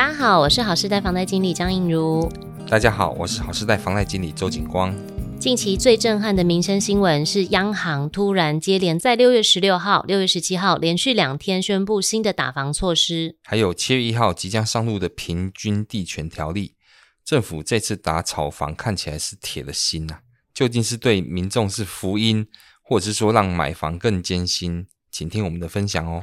大家好，我是好事貸房貸經理張映如。大家好，我是好事貸房貸經理周景光。近期最震撼的民生新聞是央行突然接連在六月十六號、六月十七號連續兩天宣佈新的打房措施，還有七月一號即將上路的平均地權條例。政府這次打炒房看起來是鐵了心吶、啊，究竟是對民眾是福音，或者是說讓買房更艱辛？請聽我們的分享哦。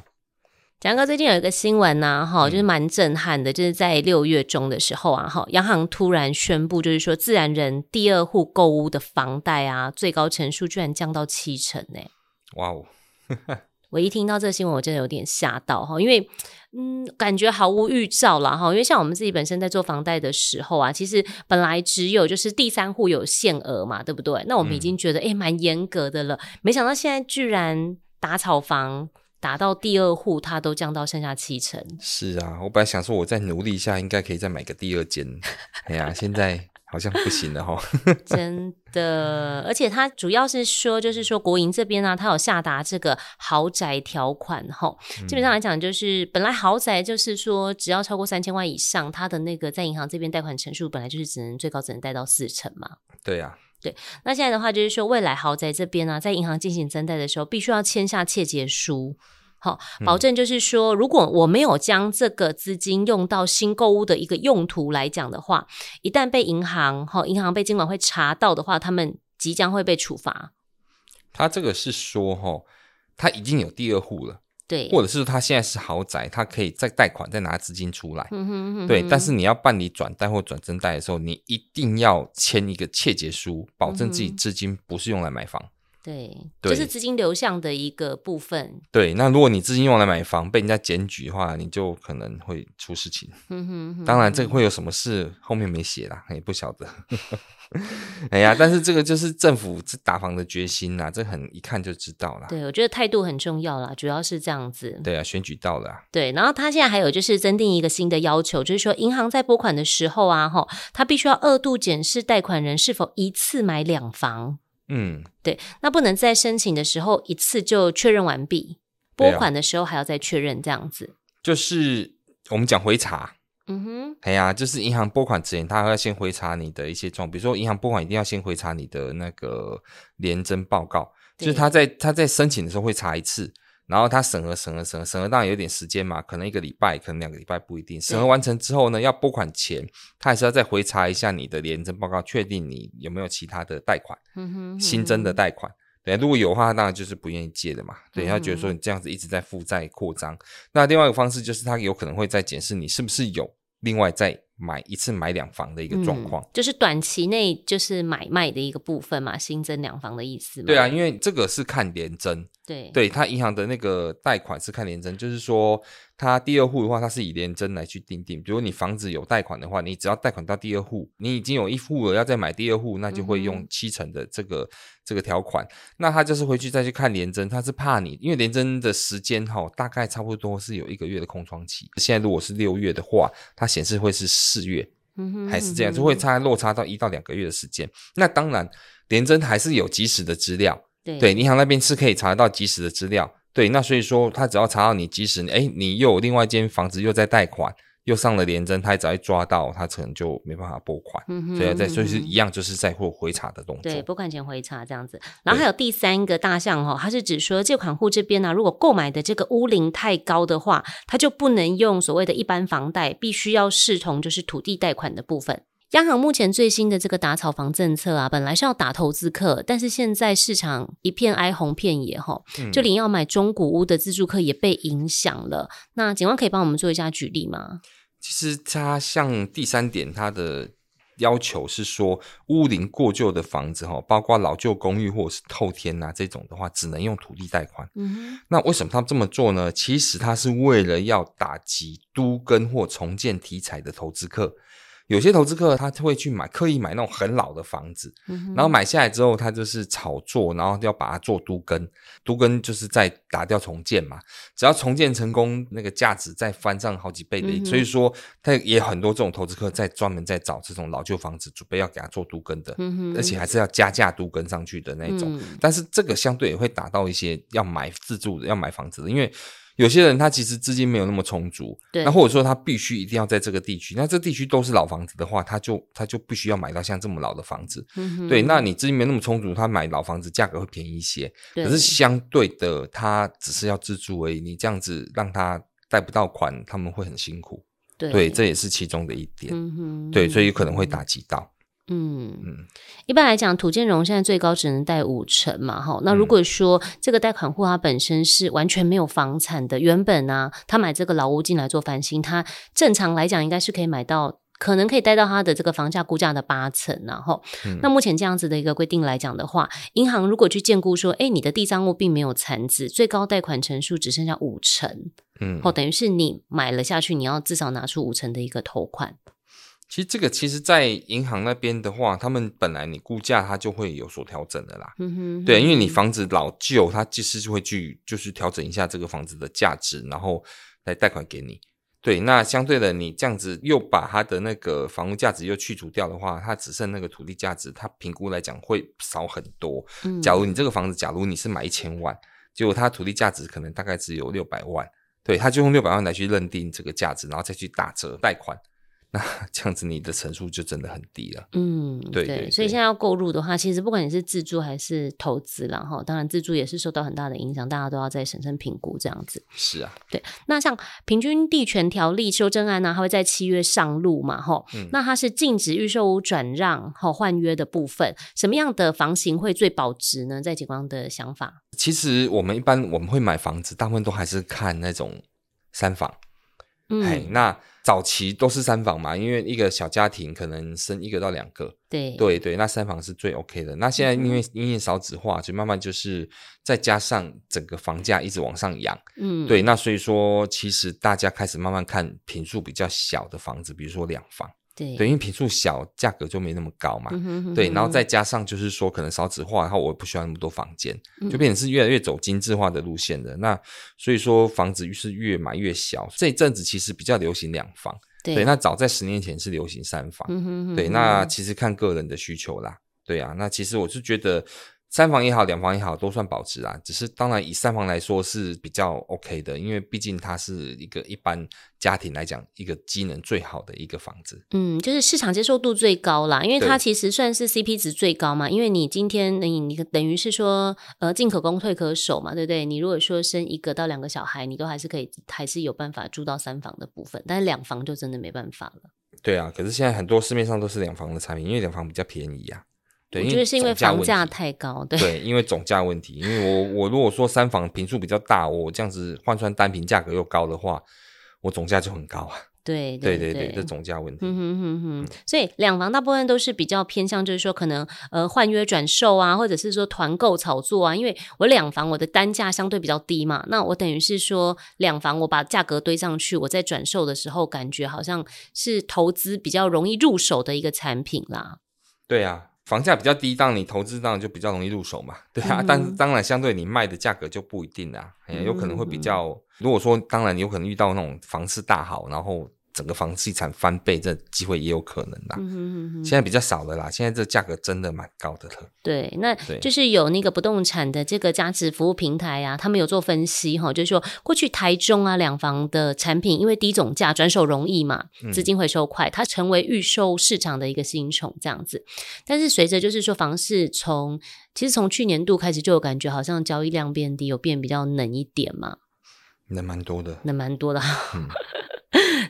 楊哥，最近有一個新聞呢，哈，就是蠻震撼的，就是在六月中的時候啊，哈，央行突然宣布，就是說自然人第二戶購屋的房貸啊，最高成數居然降到七成呢、欸！哇哦，我一聽到這個新聞，我真的有點嚇到哈，因為嗯，感覺毫無預兆啦。哈，因為像我們自己本身在做房貸的時候啊，其實本來只有就是第三戶有限額嘛，對不對？那我們已經覺得哎，蠻、嗯、嚴、欸、格的了，沒想到現在居然打炒房。達到第二戶，它都降到剩下七成。是啊，我本來想說，我再努力一下，應該可以再買個第二間。 哎呀，現在好像不行了哈。 真的，而且它主要是說，就是說國營這邊呢、啊，它有下達這個豪宅條款。基本上來講，就是本來豪宅就是說，只要超過三千萬以上，它的那個在銀行這邊貸款成數本來就是只能最高只能貸到四成嘛。對啊，對，那現在的話就是說，未來豪宅這邊呢、啊，在銀行進行增貸的時候，必須要簽下切結書。好，保證就是說，如果我沒有將這個資金用到新購屋的一個用途來講的話，一旦被銀行哈，銀行被金管會查到的話，他們即將會被處罰。他這個是說哈，他已經有第二戶了，對，或者是他現在是豪宅，他可以再貸款再拿資金出來，嗯哼，嗯，哼嗯哼，對。但是你要辦理轉貸或轉增貸的時候，你一定要簽一個切結書，保證自己資金不是用來買房。嗯。對，就是資金流向的一個部分。對，對那如果你資金用來買房，被人家檢舉的話，你就可能會出事情。嗯哼，當然這個會有什麼事，後面沒寫啦，也不曉得。 哎呀，但是這個就是政府打房的決心吶， 這很一看就知道啦。對，我覺得態度很重要啦，主要是這樣子。對啊，選舉到了。對，然後他現在還有就是增訂一個新的要求，就是說銀行在撥款的時候啊，吼，他必須要二度檢視貸款人是否一次買兩房。嗯，對，那不能在申請的時候一次就確認完畢，啊、撥款的時候還要再確認，這樣子。就是我們講回查，嗯哼，哎呀、啊，就是銀行撥款之前，他要先回查你的一些狀況，比如說銀行撥款一定要先回查你的那個聯徵報告，就是他在，他在申請的時候會查一次。然後他審核審核審核審核，當然有點時間嘛，可能一個禮拜，可能兩個禮拜不一定。審核完成之後呢，要撥款前，他還是要再回查一下你的聯徵報告，確定你有沒有其他的貸款，嗯哼嗯哼，新增的貸款。對，如果有的話，他當然就是不願意借的嘛。對，他覺得說你這樣子一直在負債擴張。嗯、那另外一個方式就是他有可能會再檢視你是不是有另外在。買一次買兩房的一個狀況，嗯，就是短期內就是買賣的一個部分嘛，新增兩房的意思嘛。對啊，因為這個是看聯徵，對，對他銀行的那個貸款是看聯徵，就是說他第二戶的話，他是以聯徵來去訂定。比如你房子有貸款的話，你只要貸款到第二戶，你已經有一戶了，要再買第二戶，那就會用七成的這個，嗯、這個條款。那他就是回去再去看聯徵，他是怕你，因為聯徵的時間哈，大概差不多是有一個月的空窗期。現在如果是六月的話，它顯示會是，四月，嗯哼，還是這樣，就會差落差到一到兩個月的時間。 那當然，聯徵還是有即時的資料，對，對，銀行那邊是可以查得到即時的資料。對，那所以說，他只要查到你即時，哎，你又有另外一間房子又在貸款。又上了聯徵，他一直在抓到，他可能就沒辦法撥款嗯哼嗯哼，所以在，所以是一樣，就是在貨回查的東西。對，撥款前回查這樣子。然後還有第三個大項哦，它是指說，借款戶這邊呢、啊，如果購買的這個屋齡太高的話，他就不能用所謂的一般房貸，必須要視同就是土地貸款的部分。央行目前最新的這個打炒房政策啊，本來是要打投資客，但是現在市場一片哀鴻遍野哈、嗯，就連要買中古屋的自住客也被影響了。那警方可以幫我們做一下舉例嗎？其實它像第三點，它的要求是說，屋齡過舊的房子哈，包括老舊公寓或者是透天吶、啊、這種的話，只能用土地貸款。嗯，那為什麼他這麼做呢？其實他是為了要打擊都更或重建題材的投資客。有些投資客他會去買，刻意買那種很老的房子，嗯、然後買下來之後，他就是炒作，然後要把它做都更，都更就是在打掉重建嘛。只要重建成功，那個價值再翻上好幾倍的。嗯、所以說，他也很多這種投資客在專門在找這種老舊房子，準備要給他做都更的、嗯，而且還是要加價都更上去的那種、嗯。但是這個相對也會打到一些要買自住的、要買房子的，因為。有些人他其實資金沒有那麼充足，對，那或者說他必須一定要在這個地區，那這地區都是老房子的話，他就他就必須要買到像這麼老的房子。嗯哼，對。那你資金沒那麼充足，他買老房子價格會便宜一些，對，可是相對的，他只是要自住而已，你這樣子讓他貸不到款，他們會很辛苦，對，對，這也是其中的一點。嗯哼，對，所以可能會打擊到。嗯，一般來講，土建融現在最高只能貸五成嘛，齁。那如果說、嗯、這個貸款戶它本身是完全沒有房產的，原本啊，他買這個老屋進來做翻新，他正常來講應該是可以買到，可能可以貸到他的這個房價估價的八成，然後。那目前這樣子的一個規定來講的話，嗯、銀行如果去建估說，哎，你的地上物並沒有殘值，最高貸款成數只剩下五成，嗯，齁等於是你買了下去，你要至少拿出五成的一個頭款。其實這個其實在銀行那邊的話，他們本來你估價它就會有所調整的啦。嗯 對，因為你房子老舊，它就是會去就是調整一下這個房子的價值，然後來貸款給你。對，那相對的你這樣子又把它的那個房屋價值又去除掉的話，它只剩那個土地價值，它評估來講會少很多。嗯。假如你這個房子，假如你是買一千萬，結果它土地價值可能大概只有六百萬，對，他就用六百萬來去認定這個價值，然後再去打折貸款。那這樣子，你的成數就真的很低了。嗯，對對、對、對，所以現在要購入的話，其實不管你是自住還是投資了哈，當然自住也是受到很大的影響，大家都要再審慎評估這樣子。是啊，對。那像《平均地權條例修正案》呢，它會在七月上路嘛吼？哈、嗯，那它是禁止預售屋轉讓和換約的部分，什麼樣的房型會最保值呢？在警方的想法，其實我們一般我們會買房子，大部分都還是看那種三房。哎、嗯，那早期都是三房嘛，因為一個小家庭可能生一個到兩個，對對對，那三房是最 OK 的。那現在因為因為少子化、嗯，就慢慢就是再加上整個房價一直往上揚，嗯，對，那所以說其實大家開始慢慢看坪數比較小的房子，比如說兩房。對，對，因為坪數小，價格就沒那麼高嘛，嗯哼哼哼。對，然後再加上就是說，可能少子化，然後我不需要那麼多房間，就變成是越來越走精緻化的路線的，嗯。那所以說房子是越買越小。這一陣子其實比較流行兩房，對。對，那早在十年前是流行三房，嗯哼哼哼，對。那其實看個人的需求啦，對呀，啊。那其實我是覺得。三房也好，兩房也好，都算保值啦。只是當然以三房來說是比較 OK 的，因為畢竟它是一個一般家庭來講一個機能最好的一個房子。嗯，就是市場接受度最高啦，因為它其實算是 CP 值最高嘛。因為你今天你你等於是說呃進可攻退可守嘛，對不對？你如果說生一個到兩個小孩，你都還是可以還是有辦法住到三房的部分，但是兩房就真的沒辦法了。對啊，可是現在很多市面上都是兩房的產品，因為兩房比較便宜呀。我覺得是因為房價太高，對對，因為總價問題。因為我我如果說三房坪數比較大，我這樣子換算單坪價格又高的話，我總價就很高啊。對對對對，這總價問題。嗯嗯嗯哼。所以兩房大部分都是比較偏向，就是說可能呃換約轉售啊，或者是說團購炒作啊。因為我兩房我的單價相對比較低嘛，那我等於是說兩房我把價格堆上去，我在轉售的時候感覺好像是投資比較容易入手的一個產品啦。對啊。房價比較低，當然你投資當然就比較容易入手嘛，對啊。嗯、但是當然，相對你賣的價格就不一定啦、嗯欸，有可能會比較。嗯、如果說當然，你有可能遇到那種房市大好，然後。整個房地產翻倍，這個、機會也有可能啦。嗯、哼哼現在比較少的啦，現在這價格真的蠻高的了。對，那就是有那個不動產的這個價值服務平台啊，他們有做分析哈、哦，就是、說過去台中啊兩房的產品，因為低總價轉手容易嘛，資金回收快、嗯，它成為預售市場的一個新寵這樣子。但是隨着就是說房市從其實從去年度開始就有感覺，好像交易量變低，有變比較冷一點嘛，冷蠻多的，冷蠻多的。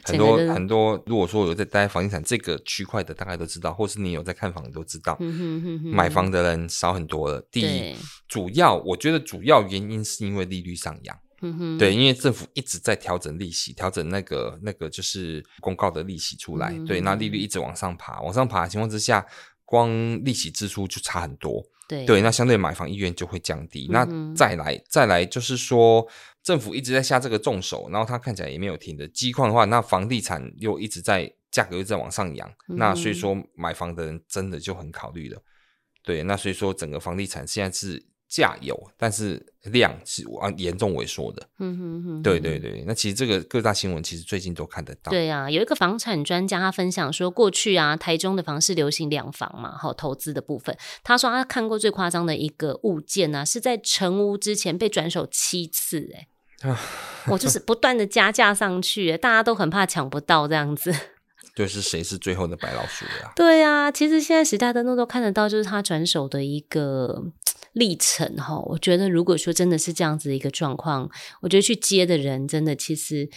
很多很多，很多，如果說有在待房地產這個區塊的，大概都知道，或是你有在看房子都知道， 買房的人少很多了。 第一，主要我覺得主要原因是因為利率上揚， 對，因為政府一直在調整利息，調整那個那個就是公告的利息出來， 對，那利率一直往上爬，往上爬的情況之下，光利息支出就差很多， 對，那相對買房意願就會降低。 那再來再來就是說，政府一直在下這個重手，然後它看起來也沒有停的跡象的話，那房地產又一直在價格又在往上揚。嗯，那所以說買房的人真的就很考慮了。對，那所以說整個房地產現在是價有，但是量是往嚴重萎縮的。嗯哼嗯哼，對對對。那其實這個各大新聞其實最近都看得到。對啊，有一個房產專家他分享說，過去啊台中的房市流行兩房嘛，吼，投資的部分，他說他看過最誇張的一個物件啊，是在成屋之前被轉手七次。欸， 我就是不斷的加價上去，大家都很怕搶不到這樣子。對， 是誰是最後的白老鼠呀，啊？ 對呀，啊，其實現在其實大家都都看得到，就是他轉手的一個歷程。我覺得，如果說真的是這樣子一個狀況，我覺得去接的人真的其實。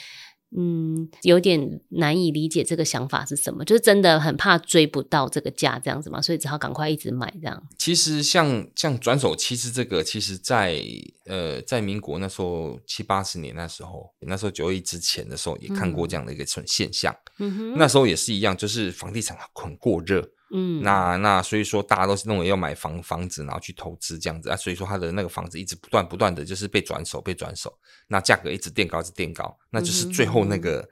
嗯，有點難以理解這個想法是什麼，就是真的很怕追不到這個價，這樣子嘛，所以只好趕快一直買這樣。其實像像轉手七、這個，其實這個其實，在呃在民國那時候七八十年那時候，那時候九一之前的時候也看過這樣的一個現象，嗯，那時候也是一樣，就是房地產很過熱。嗯，那那所以說大家都是認為要買房房子，然後去投資這樣子啊，所以說他的那個房子一直不斷不斷的就是被轉手被轉手，那價格一直墊高一直墊高，那就是最後那個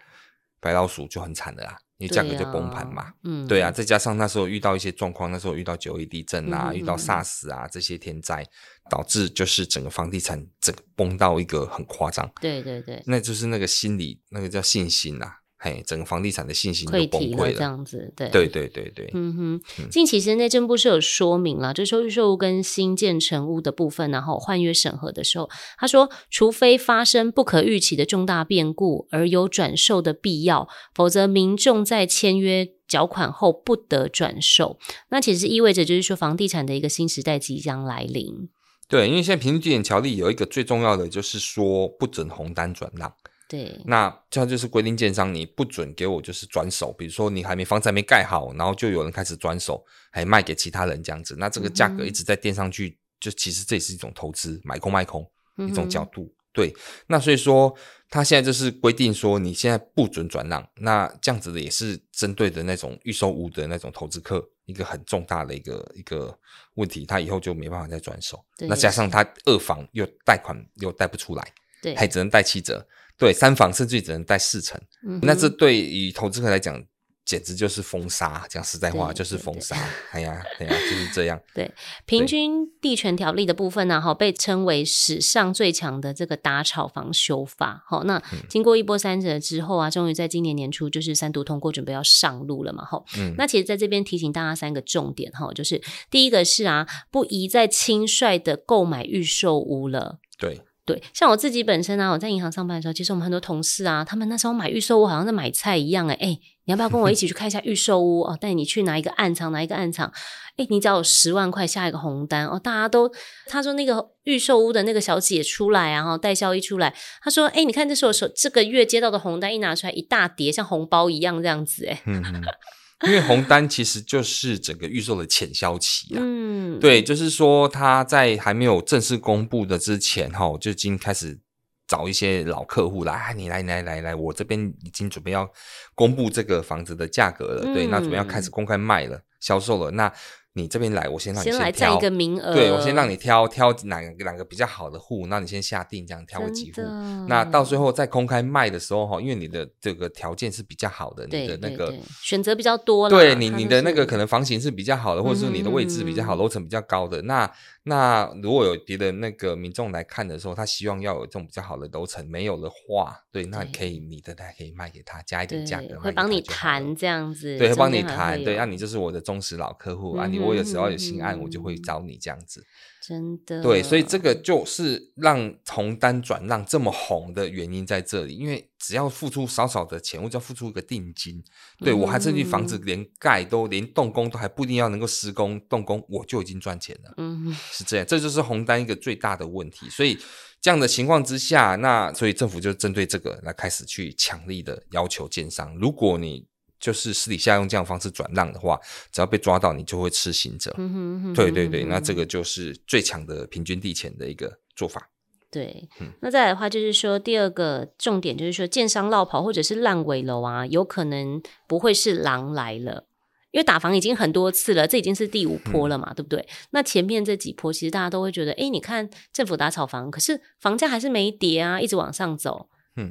白老鼠就很慘了啊，嗯、因為價格就崩盤嘛、哦。嗯，對啊，再加上那時候遇到一些狀況，那時候遇到九一地震啊，嗯、遇到 SARS 啊這些天災，導致就是整個房地產整個崩到一個很誇張。對對對，那就是那個心理那個叫信心吶、啊。嘿，整個房地產的信心就崩潰了這樣子，對，對對對對嗯哼，近期其實內政部是有說明了，嗯、就是說預售屋跟新建成屋的部分，然後換約審核的時候，他說，除非發生不可預期的重大變故而有轉售的必要，否則民眾在簽約繳款後不得轉售。那其實意味着就是說，房地產的一個新時代即將來臨。對，因為現在平均地權條例有一個最重要的就是說，不准紅單轉讓。對，那這樣就是規定，建商你不准給我就是轉手，比如說你還沒房子還沒蓋好，然後就有人開始轉手，還賣給其他人這樣子，那這個價格一直在墊上去、嗯，就其實這也是一種投資，買空賣空一種角度、嗯。對，那所以說他現在就是規定說你現在不准轉讓，那這樣子的也是針對的那種預售屋的那種投資客，一個很重大的一個一個問題，他以後就沒辦法再轉手。那加上他二房又貸款又貸不出來，對，還只能貸七折。對，三房甚至只能貸四成，嗯，那這對於投資客來講簡直就是封殺。講實在話，就是封殺。哎呀，哎 呀，啊，就是這樣。對平均地權條例的部分呢，啊，哈，被稱為史上最強的這個打炒房修法。好，哦，那經過一波三折之後啊，嗯，終於在今年年初就是三讀通過，準備要上路了嘛，哈，嗯。那其實在這邊提醒大家三個重點哈，哦，就是第一個是啊，不宜再輕率的購買預售屋了。對。對，像我自己本身啊，我在銀行上班的時候，其實我們很多同事啊，他們那時候買預售屋，好像在買菜一樣、欸、誒你要不要跟我一起去看一下預售屋 哦，帶你去拿一個案場，拿一個案場。誒你只要有十萬塊，下一個紅單哦。大家都他說那個預售屋的那個小姐出來、啊，然後代銷一出來，他說誒你看這是我手這個月接到的紅單，一拿出來一大疊，像紅包一樣這樣子嗯、欸。 因為紅單其實就是整個預售的潛銷期啊，嗯，對，就是說他在還沒有正式公布的之前、哦，哈，就已經開始找一些老客戶了，啊、你來你來來來，我這邊已經準備要公布這個房子的價格了，嗯、對，那準備要開始公開賣了，銷售了，那。你這邊來，我先讓你先挑先一個名額，對，我先讓你挑挑哪兩個、個比較好的戶，那你先下定，這樣挑個幾戶，那到最後再公開賣的時候，因為你的這個條件是比較好的，你的那個對對對，選擇比較多，對，你你的那個可能房型是比較好的，或者說你的位置比較好，樓、嗯、層、嗯、比較高的那。那如果有別的那個民眾來看的時候，他希望要有這種比較好的樓層，沒有的話，對，那可以你的還可以賣給他，加一點價格，會幫你談這樣子，對，會幫你談，對，那、啊、你就是我的忠實老客戶，嗯、啊，你我有時候要有新案，我就會找你這樣子，真的，對，所以這個就是讓紅單轉讓這麼紅的原因在這裡，因為。只要付出少少的錢，或者付出一個定金，嗯、對我還這間房子連蓋都、嗯、連動工都還不一定要能夠施工動工，我就已經賺錢了。嗯哼，是這樣，這就是紅單一個最大的問題。所以這樣的情況之下，那所以政府就針對這個來開始去強力的要求建商，如果你就是私底下用這樣的方式轉讓的話，只要被抓到，你就會吃刑者。嗯哼，對對對，那這個就是最強的平均地權的一個做法。對，那再來的話就是說，第二個重點就是說，建商落跑或者是爛尾樓啊，有可能不會是狼來了，因為打房已經很多次了，這已經是第五波了嘛，嗯、對不對？那前面這幾波，其實大家都會覺得，哎、欸，你看政府打炒房，可是房價還是沒跌啊，一直往上走。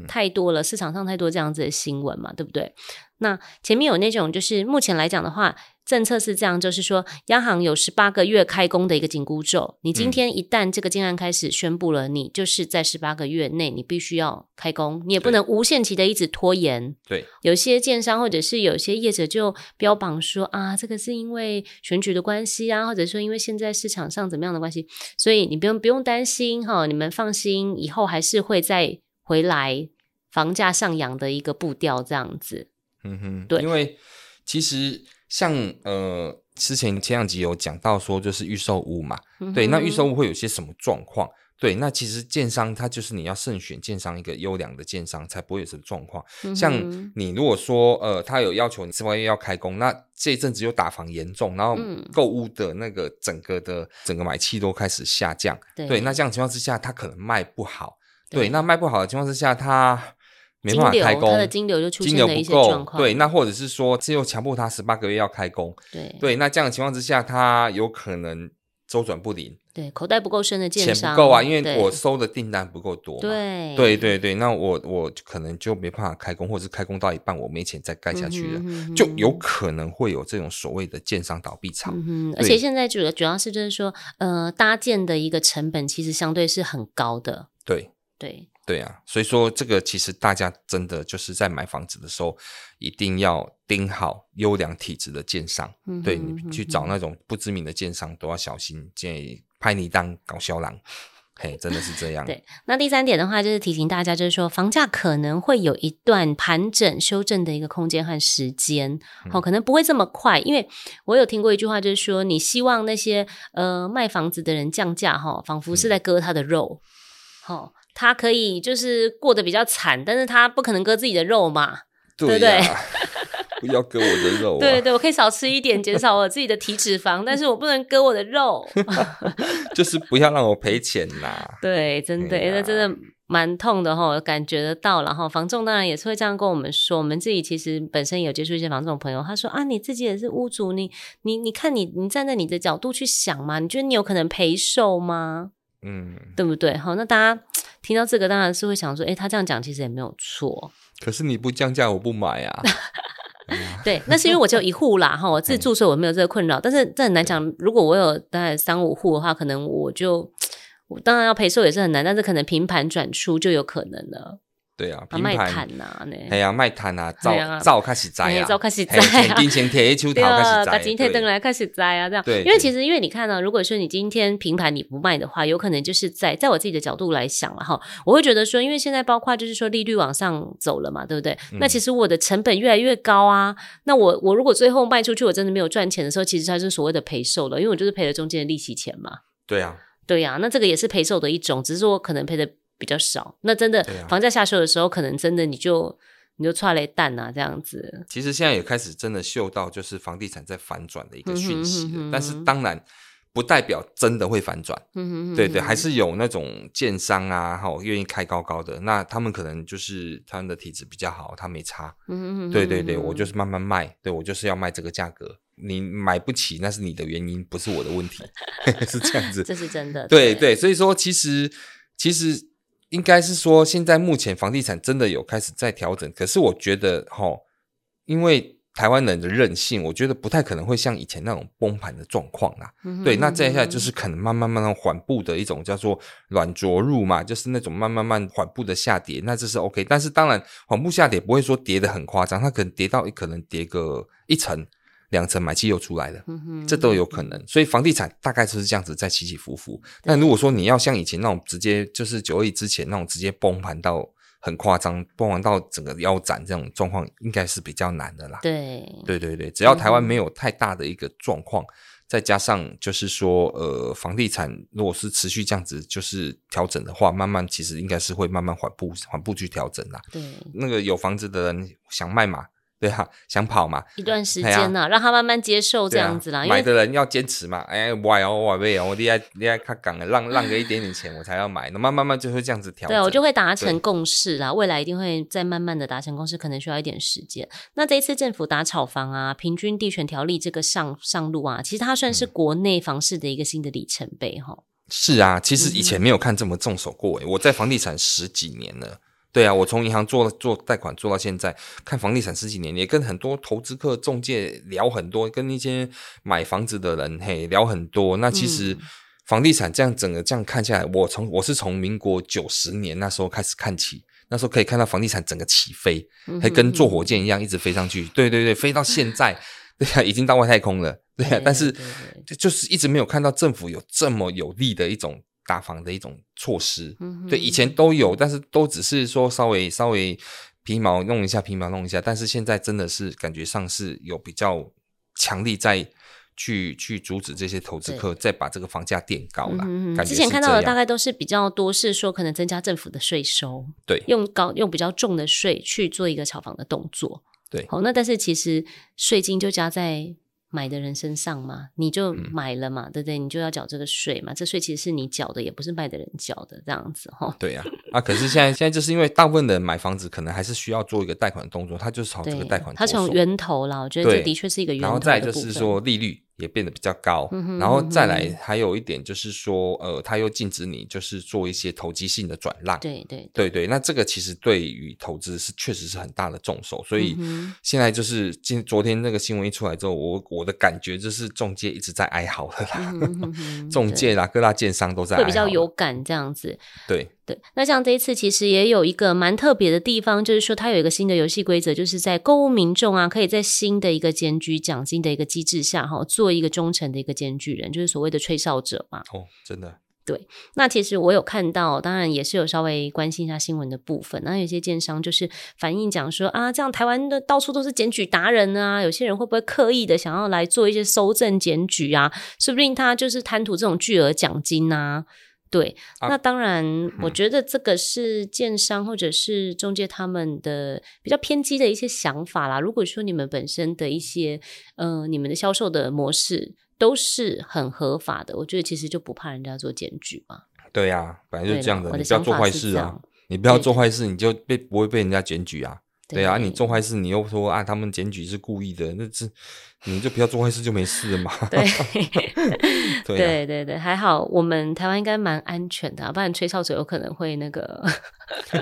太多了，市場上太多這樣子的新聞嘛，對不對？那前面有那種，就是目前來講的話，政策是這樣，就是說央行有十八個月開工的一個緊箍咒。你今天一旦這個建案開始宣布了你，你、嗯、就是在十八個月內你必須要開工，你也不能無限期的一直拖延。對，對有些建商或者是有些業者就標榜說啊，這個是因為選舉的關係啊，或者說因為現在市場上怎麼樣的關係，所以你不用不用擔心哈、哦，你們放心，以後還是會在。回來，房價上揚的一個步調，這樣子。嗯哼，對，因為其實像呃，之前前兩集有講到說，就是預售屋嘛，嗯、對，那預售屋會有些什麼狀況？對，那其實建商，它就是你要慎選建商，一個優良的建商才不會有什麼狀況，嗯。像你如果說呃，他有要求你四月要開工，那這一陣子又打房嚴重，然後購屋的那個整個的、嗯、整個的整個買氣都開始下降，對，對那這樣情況之下，他可能賣不好。對，那賣不好的情況之下，他沒辦法開工，他的金流就出現了一些狀況。對，那或者是說，只有強迫他十八個月要開工，對對，對，那這樣的情況之下，他有可能周轉不靈，對，口袋不夠深的建商錢不夠啊，因為我收的訂單不夠多，對對對對，那我我可能就沒辦法開工，或者是開工到一半我沒錢再蓋下去了嗯哼嗯哼，就有可能會有這種所謂的建商倒閉潮。嗯，而且現在主主要是就是說，呃，搭建的一個成本其實相對是很高的，對。對對啊，所以說這個其實大家真的就是在買房子的時候，一定要盯好優良體質的建商，嗯哼嗯哼嗯哼。對，你去找那種不知名的建商都要小心，建議拍你當搞笑郎。嘿，真的是這樣。對，那第三點的話就是提醒大家，就是說房價可能會有一段盤整、修正的一個空間和時間，嗯。哦，可能不會這麼快，因為我有聽過一句話，就是說你希望那些呃賣房子的人降價，哈，仿佛是在割他的肉，好，嗯。哦他可以就是過得比較慘，但是他不可能割自己的肉嘛，對、啊、對不對？不要割我的肉、啊。 對對，我可以少吃一點，減少我自己的體脂肪， 但是我不能割我的肉。 就是不要讓我賠錢啦。對，真的，那、啊欸、真的蠻痛的吼，感覺得到啦，然後房仲當然也是會這樣跟我們說。我們自己其實本身有接觸一些房仲朋友，他說啊，你自己也是屋主，你你你看你你站在你的角度去想嘛，你覺得你有可能賠售嗎？嗯，對不對？好，那大家。聽到這個當然是會想說，哎、欸，他這樣講其實也沒有錯。可是你不降價，我不買呀、啊。 對，那是因為我只有一戶啦哈， 我自己住，所以我沒有這個困擾。但是這很難講，如果我有大概三五戶的話，可能我就我當然要賠售也是很難，但是可能平盤轉出就有可能了。對啊，平盤啊，哎呀，賣攤啊，啊，走比較實在啊，走比較實在啊，把錢拿回來比較實在啊，這樣、啊啊啊啊，因為其實因為你看呢、啊，如果說你今天平盤你不賣的話，有可能就是在在我自己的角度來想了哈，我會覺得說，因為現在包括就是說利率往上走了嘛，對不對？嗯、那其實我的成本越來越高啊，那我我如果最後賣出去，我真的沒有賺錢的時候，其實它是所謂的賠售了，因為我就是賠了中間的利息錢嘛。對呀、啊，對呀、啊，那這個也是賠售的一種，只是我可能賠的。比較少，那真的房價下修的時候，可能真的你就、啊、你就踹雷蛋啊這樣子。其實現在也開始真的嗅到，就是房地產在反轉的一個訊息了、嗯、哼哼哼，但是當然不代表真的會反轉。嗯、哼哼哼對，對對，還是有那種建商啊，好願意開高高的。那他們可能就是他們的體質比較好，他沒差、嗯哼哼哼哼。對對對，我就是慢慢賣，對我就是要賣這個價格。你買不起，那是你的原因，不是我的問題， 是這樣子。這是真的。對對，對，對，所以說其實其實。應該是說，現在目前房地產真的有開始在調整，可是我覺得哈，因為台灣人的韌性，我覺得不太可能會像以前那種崩盤的狀況啊。對，那接下來就是可能慢慢慢慢緩步的一種叫做軟着陸嘛，就是那種慢慢慢緩步的下跌，那這是 OK。但是當然，緩步下跌不會說跌得很誇張，它可能跌到可能跌個一成。兩層買氣又出來了、嗯，這都有可能。所以房地產大概就是這樣子在起起伏伏。那如果說你要像以前那種直接就是九二一之前那種直接崩盤到很誇張，崩盤到整個腰斬這種狀況，應該是比較難的啦。對對對對，只要台灣沒有太大的一個狀況，嗯、再加上就是說呃房地產如果是持續這樣子就是調整的話，慢慢其實應該是會慢慢緩步緩步去調整啦。對，那個有房子的人想賣嘛？對哈、啊，想跑嘛？一段時間啊,啊，讓他慢慢接受這樣子啦。啊、買的人要堅持嘛。哎哇 w h y 哦，why 唄， 我厲害厲害，他講的讓讓個一點點錢我才要買，那慢慢慢就會這樣子調。對，我就會達成共識啦。未來一定會再慢慢的達成共識，可能需要一點時間。那這一次政府打炒房啊，平均地權條例這個上上路啊，其實它算是國內房市的一個新的里程碑哈、嗯。是啊，其實以前沒有看這麼重手過、欸嗯。我在房地產十幾年了。對啊，我從銀行做做貸款做到現在，看房地產十幾年，也跟很多投資客、中介聊很多，跟那些買房子的人嘿聊很多。那其實房地產這樣整個這樣看下來，嗯、我從我是從民國九十年那時候開始看起，那時候可以看到房地產整個起飛，還、嗯、跟坐火箭一樣一直飛上去。對對對，飛到現在， 對啊，已經到外太空了。對啊，對對對對，但是就是一直沒有看到政府有這麼有力的一種。打房的一種措施，嗯，對，以前都有，但是都只是說稍微稍微皮毛弄一下，皮毛弄一下。但是現在真的是感覺上是有比較強力在去去阻止這些投資客再把這個房價墊高了。嗯嗯。之前看到的大概都是比較多是說可能增加政府的稅收，對，用高用比較重的稅去做一個炒房的動作，對。好，那但是其實稅金就加在。買的人身上嘛，你就買了嘛，嗯、對不對？你就要繳這個稅嘛，這稅其實是你繳的，也不是賣的人繳的，這樣子哈、哦。對呀、啊，啊，可是現在 現在就是因為大部分的人買房子，可能還是需要做一個貸款動作，它就是從這個貸款，它從源頭啦。我覺得這的確是一個源頭。然後再就是說利率也變得比較高，嗯、然後再來，還有一點就是說、嗯，呃，他又禁止你就是做一些投機性的轉讓，對對對，對對，那這個其實對於投資是確實是很大的重手，所以現在就是今、嗯、昨天那個新聞一出來之後，我我的感覺就是中介一直在哀嚎的啦，中、嗯、 介啦，各大建商都在哀嚎，會比較有感這樣子，對。對，那像這一次其實也有一個蠻特別的地方，就是說它有一個新的遊戲規則，就是在購屋民眾啊，可以在新的一個檢舉獎金的一個機制下，哈，做一個忠誠的一個檢舉人，就是所謂的吹哨者嘛。哦，真的。對，那其實我有看到，當然也是有稍微關心一下新聞的部分。那有些建商就是反映講說啊，這樣台灣的到處都是檢舉達人啊，有些人會不會刻意的想要來做一些搜證檢舉啊？說不定他就是貪圖這種巨額獎金啊。對、啊，那當然，我覺得這個是建商或者是中介他們的比較偏激的一些想法啦。如果說你們本身的一些，呃，你們的銷售的模式都是很合法的，我覺得其實就不怕人家做檢舉嘛。對呀、啊，本來就是這樣的，你不要做壞事啊！你不要做壞事，你就被不會被人家檢舉啊。對對對。對，對啊，對你做壞事，你又說啊，他們檢舉是故意的，那是你就不要做壞事就沒事了嘛。 對 對、啊、對對對，還好我們台灣應該蠻安全的、啊，不然吹哨者有可能會那個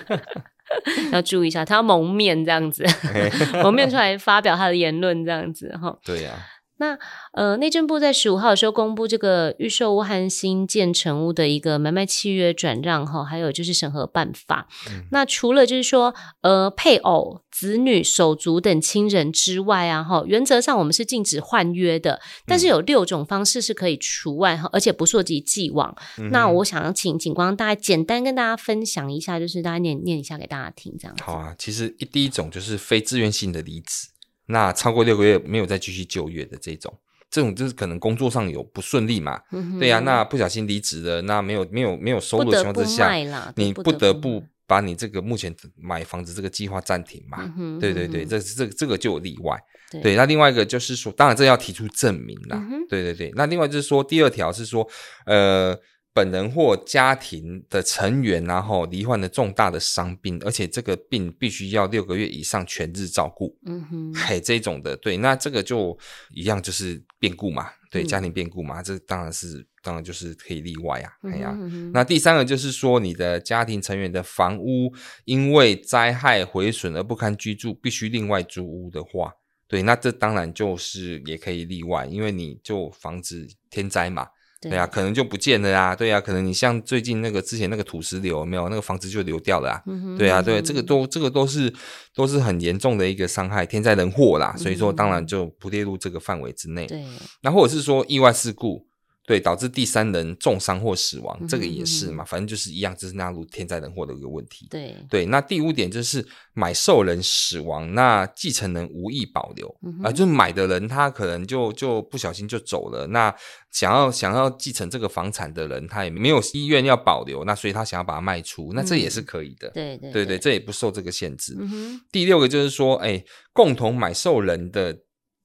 要注意一下，他要蒙面這樣子 蒙面出來發表他的言論這樣子哈。齁 對呀、啊。那呃，內政部在十五號的時候公布這個預售屋和新建成屋的一個買賣契約轉讓哈，還有就是審核辦法。嗯、那除了就是說呃配偶、子女、手足等親人之外啊哈，原則上我們是禁止換約的，但是有六種方式是可以除外哈，而且不溯及既往、嗯。那我想要請警官，大概簡單跟大家分享一下，就是大家念念一下給大家聽，這樣子。好啊，其實一第一種就是非自願性的離職。那超過六個月沒有再繼續就業的這種，這種就是可能工作上有不順利嘛，嗯、對呀、啊，那不小心離職了，那沒有沒有沒有收入的情況之下，不不你不得不，你不，得不把你這個目前買房子這個計劃暫停嘛，嗯、對對對，嗯、這這這個就有例外、嗯對，對，那另外一個就是說，當然這要提出證明啦。嗯、對對對，那另外就是說，第二條是說，呃。本人或家庭的成員、啊，然後罹患了重大的傷病，而且這個病必須要六個月以上全日照顧。嗯哼，這種的，對，那這個就一樣，就是變故嘛，對、嗯，家庭變故嘛，這當然是，當然就是可以例外啊，哎、嗯、呀、啊。那第三個就是說，你的家庭成員的房屋因為災害毀損而不堪居住，必須另外租屋的話，對，那這當然就是也可以例外，因為你就防止天災嘛。對啊，可能就不見了呀、啊。對啊，可能你像最近那個之前那個土石流，沒有那個房子就流掉了啊。嗯哼，對啊，對啊、嗯，這個都這個都是都是很嚴重的一個傷害，天災人禍啦。所以說，當然就不列入這個範圍之內。對、嗯，那或者是說意外事故。對，導致第三人重傷或死亡、嗯，這個也是嘛、嗯，反正就是一樣，就是納入天災人禍的一個問題。對對，那第五點就是買受人死亡，那繼承人無意保留、嗯、啊，就是買的人他可能就就不小心就走了，那想要、嗯、想要繼承這個房產的人，他也沒有意願要保留，那所以他想要把它賣出、嗯，那這也是可以的。對對對，對對對，這也不受這個限制。嗯、第六個就是說，哎、欸，共同買受人的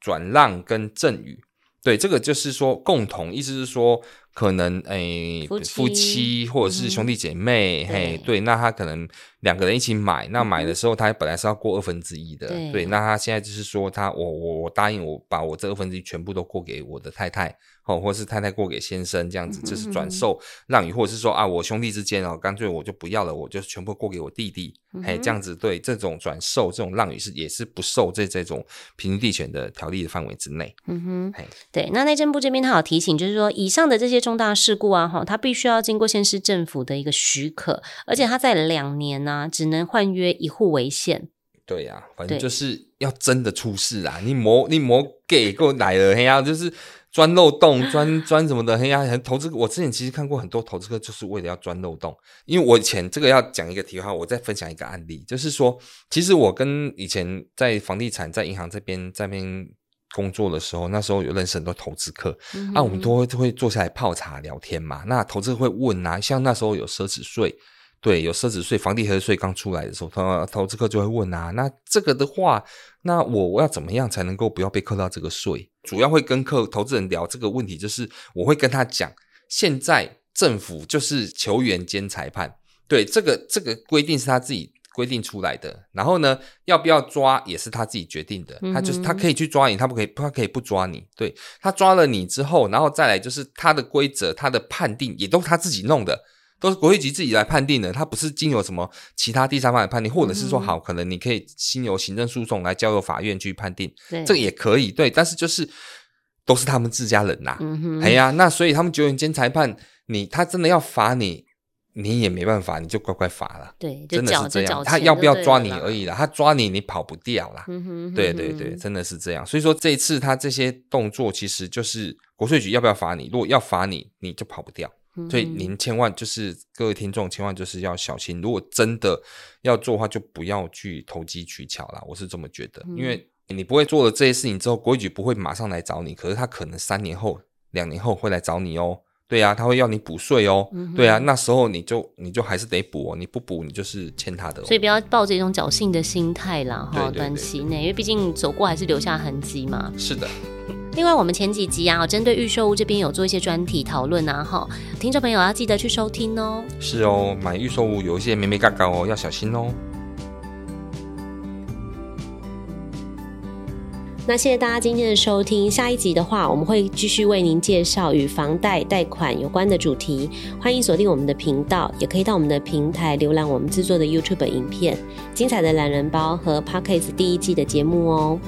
轉讓跟贈與。對，這個就是說共同，意思是說可能誒夫妻，夫妻或者是兄弟姐妹，嗯、嘿對，對，那他可能兩個人一起買，那買的時候他本來是要過二分之一的，對，對，那他現在就是說他我我我答應我把我這二分之一全部都過給我的太太。或者是太太過給先生這樣子，就是轉售讓與，或者是說啊，我兄弟之間啊，乾脆我就不要了，我就全部過給我弟弟，嗯、嘿，這樣子，對，這種轉售這種讓與是也是不受在這種平地權的條例的範圍之內。嗯哼，對。那內政部這邊他有提醒，就是說以上的這些重大事故啊，哈，他必須要經過縣市政府的一個許可，而且他在兩年呢、啊，只能換約一戶為限。對呀、啊，反正就是要真的出事啊，你莫你莫給過來了，嘿呀、啊，就是。鑽漏洞，鑽鑽什麼的，哎呀，很投資，我之前其實看過很多投資客，就是為了要鑽漏洞。因為我以前這個要講一個題的話，我再分享一個案例，就是說，其實我跟以前在房地產、在銀行這邊這邊工作的時候，那時候有認識很多投資客，嗯、啊，我們都會會坐下來泡茶聊天嘛。那投資會問啊，像那時候有奢侈稅。對，有奢侈稅、房地合一稅剛出來的時候，投資客就會問啊，那這個的話，那我我要怎麼樣才能夠不要被扣到這個稅？主要會跟客投資人聊這個問題，就是我會跟他講，現在政府就是球員兼裁判，對，這個這個規定是他自己規定出來的，然後呢，要不要抓也是他自己決定的，他就是他可以去抓你，他不可以他可以不抓你，對，他抓了你之後，然後再來就是他的規則、他的判定也都他自己弄的。都是國稅局自己來判定的，他不是經由什麼其他第三方來判定，嗯、或者是說好，可能你可以先由行政訴訟來交由法院去判定，這個也可以對。但是就是都是他們自家人吶，哎、嗯、呀、啊，那所以他們球員兼裁判，你他真的要罰你，你也沒辦法，你就乖乖罰了。對，真的是這樣，他要不要抓你而已啦、嗯，他抓你你跑不掉啦。嗯哼，對對對，真的是這樣。所以說，這一次他這些動作其實就是國稅局要不要罰你，如果要罰你，你就跑不掉。所以您千萬就是各位聽眾千萬就是要小心、嗯，如果真的要做的話，就不要去投機取巧啦。我是這麼覺得、嗯，因為你不會做了這些事情之後，國稅局不會馬上來找你，可是他可能三年後、兩年後會來找你哦、喔。對啊，他會要你補稅哦。對啊，那時候你就你就還是得補哦、喔，你不補你就是欠他的、喔。所以不要抱着一種僥幸的心態啦。哈，短期內，因為畢竟走過還是留下痕跡嘛。是的。另外，我們前幾集啊，針對預售屋這邊有做一些專題討論啊，哈，聽眾朋友要記得去收聽哦。是哦，買預售屋有一些咩咩嘎嘎哦，要小心哦。那謝謝大家今天的收聽，下一集的話，我們會繼續為您介紹與房貸貸款有關的主題，歡迎鎖定我們的頻道，也可以到我們的平台瀏覽我們製作的 YouTube 影片、精彩的懶人包和 Podcast 第一季的節目哦。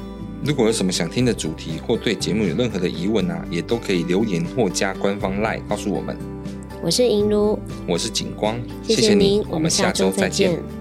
如果有什麼想聽的主題，或對節目有任何的疑問啊，也都可以留言或加官方 LINE 告訴我們。我是銀如，我是景光，謝謝，謝謝您，我們下周再見。再見。